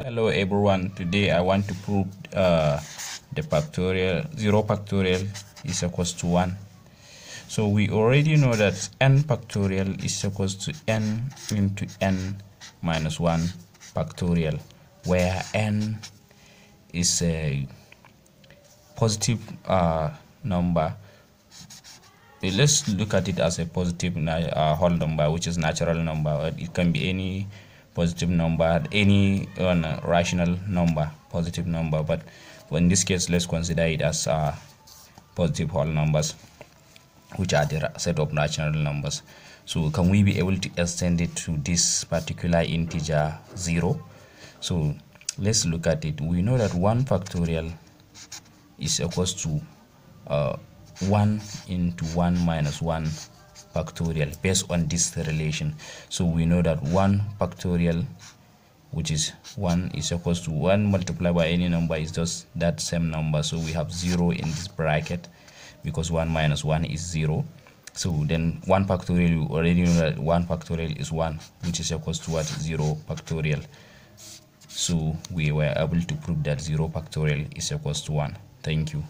Hello everyone, today I want to prove uh, the factorial, 0 factorial is equals to 1. So we already know that n factorial is equals to n into n minus 1 factorial, where n is a positive uh, number. Let's look at it as a positive uh, whole number, which is natural number. It can be any positive number any uh, rational number positive number but in this case let's consider it as uh, positive whole numbers which are the set of rational numbers so can we be able to extend it to this particular integer 0 so let's look at it we know that 1 factorial is equals to uh, 1 into 1 minus 1 factorial based on this relation so we know that 1 factorial which is 1 is equals to 1 multiplied by any number is just that same number so we have 0 in this bracket because 1 minus 1 is 0 so then 1 factorial you already know that 1 factorial is 1 which is equals to what 0 factorial so we were able to prove that 0 factorial is equals to 1 thank you